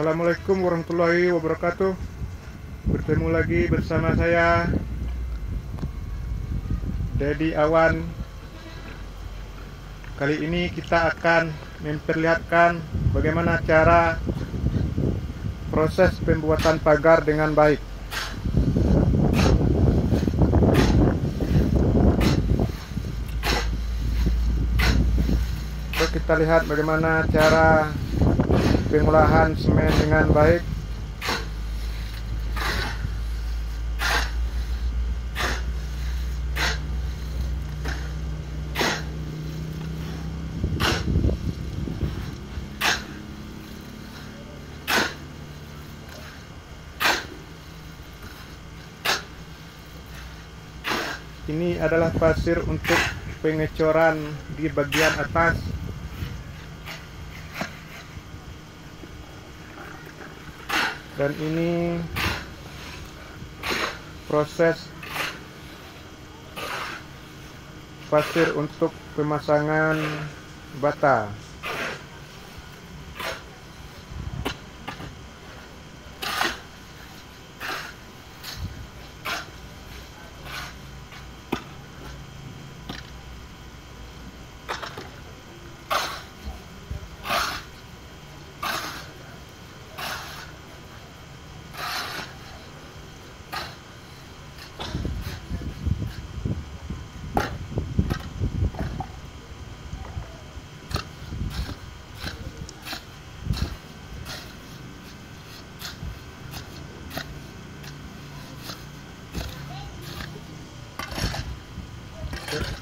Assalamualaikum warahmatullahi wabarakatuh Bertemu lagi bersama saya Dedi Awan Kali ini kita akan memperlihatkan bagaimana cara proses pembuatan pagar dengan baik kita lihat bagaimana cara pengolahan semen dengan baik ini adalah pasir untuk pengecoran di bagian atas dan ini proses pasir untuk pemasangan bata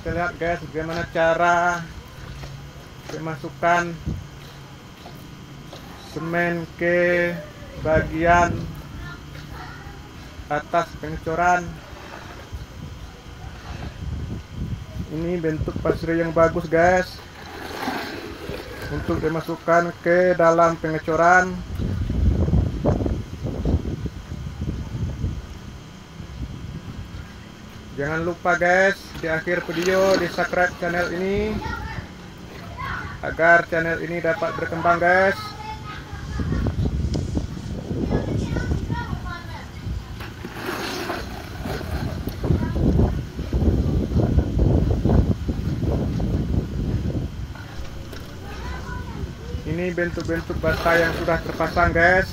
kita lihat guys bagaimana cara memasukkan semen ke bagian atas pengecoran ini bentuk pasir yang bagus guys untuk dimasukkan ke dalam pengecoran Jangan lupa guys di akhir video di subscribe channel ini agar channel ini dapat berkembang guys. Ini bentuk-bentuk bata yang sudah terpasang guys.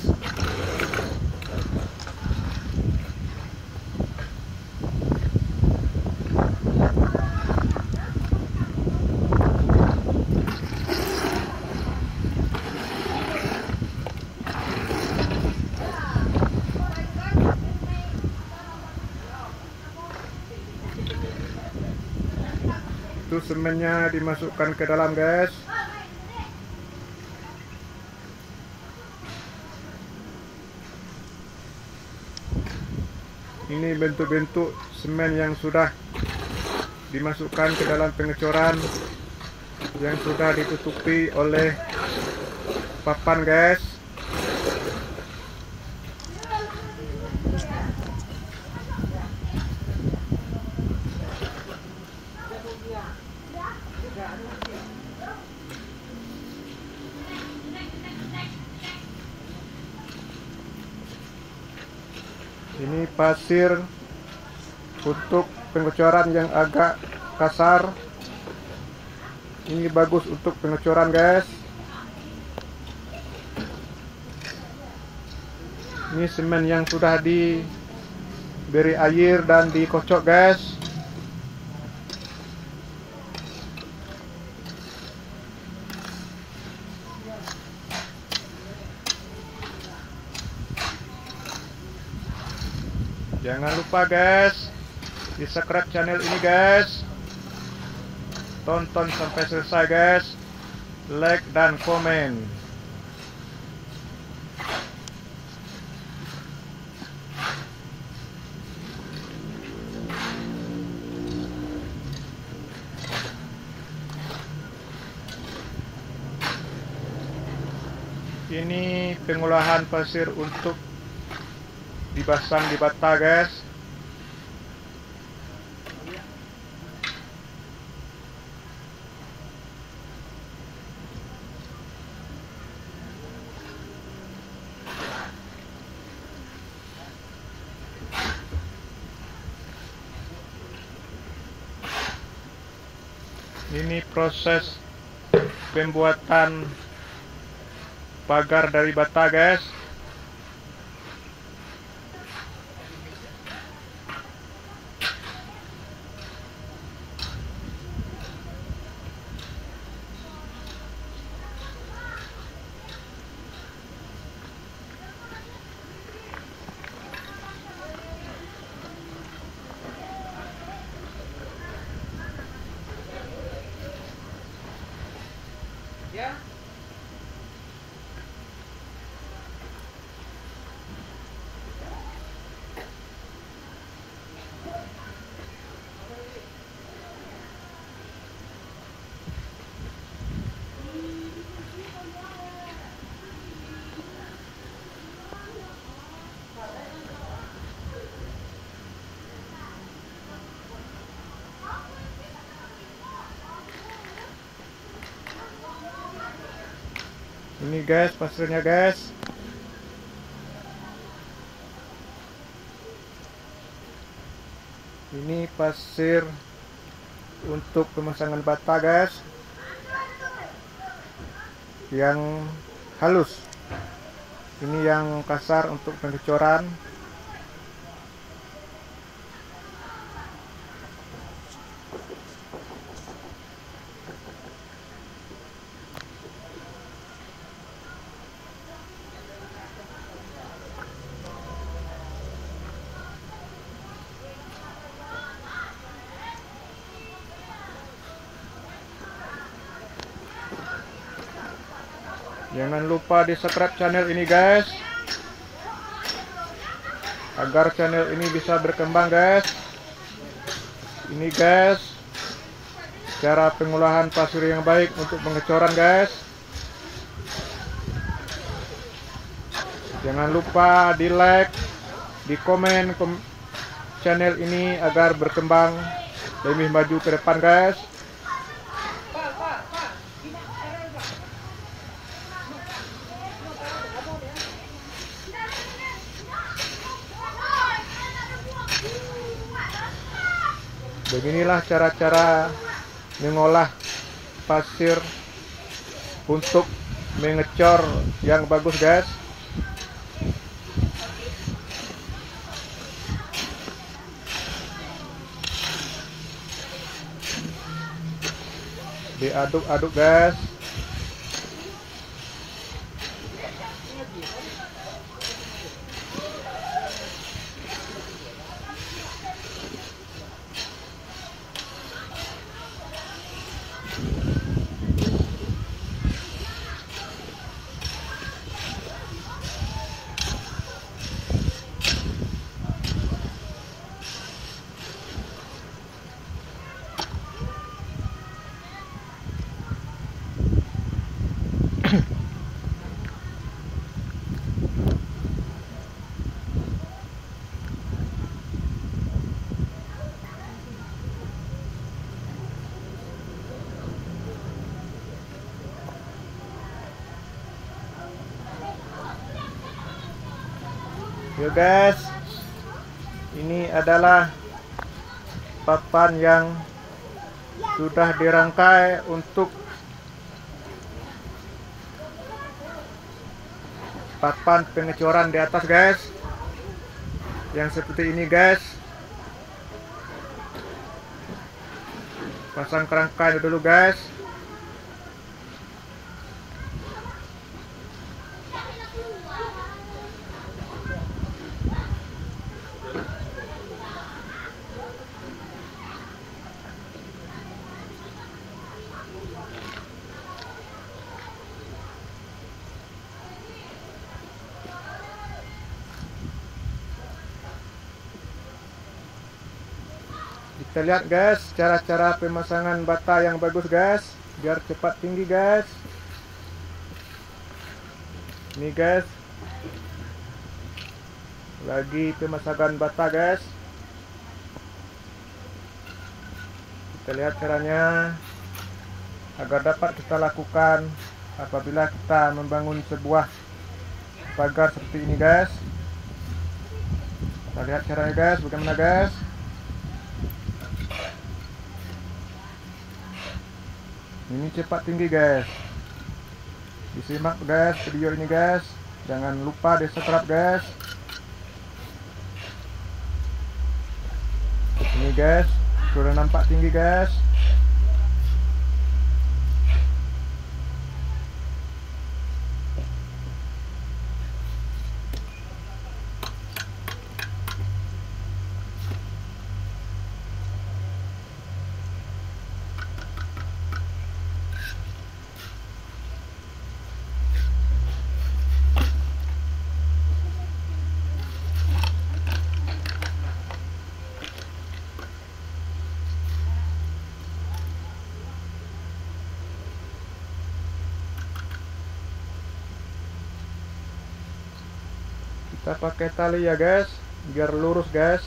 itu semennya dimasukkan ke dalam guys ini bentuk-bentuk semen yang sudah dimasukkan ke dalam pengecoran yang sudah ditutupi oleh papan guys ini pasir untuk pengecoran yang agak kasar ini bagus untuk pengecoran guys ini semen yang sudah diberi air dan dikocok guys Jangan lupa guys, di subscribe channel ini guys. Tonton sampai selesai guys. Like dan komen. ini pengolahan pasir untuk dipasang di bata guys ini proses pembuatan pagar dari bata guys Yeah. ini guys pasirnya guys ini pasir untuk pemasangan bata guys yang halus ini yang kasar untuk pengecoran Jangan lupa di subscribe channel ini guys Agar channel ini bisa berkembang guys Ini guys Cara pengolahan pasir yang baik untuk pengecoran guys Jangan lupa di like Di komen channel ini agar berkembang Lebih maju ke depan guys beginilah cara-cara mengolah pasir untuk mengecor yang bagus guys diaduk-aduk guys Yo guys, ini adalah papan yang sudah dirangkai untuk papan pengecoran di atas guys yang seperti ini guys pasang kerangkanya dulu guys kita lihat guys cara-cara pemasangan bata yang bagus guys biar cepat tinggi guys ini guys lagi pemasangan bata guys kita lihat caranya agar dapat kita lakukan apabila kita membangun sebuah pagar seperti ini guys kita lihat caranya guys bagaimana guys ini cepat tinggi guys disimak guys video ini guys jangan lupa di subscribe guys ini guys sudah nampak tinggi guys kita pakai tali ya guys biar lurus guys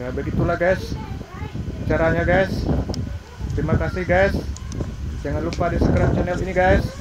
ya begitulah guys caranya guys terima kasih guys jangan lupa di subscribe channel ini guys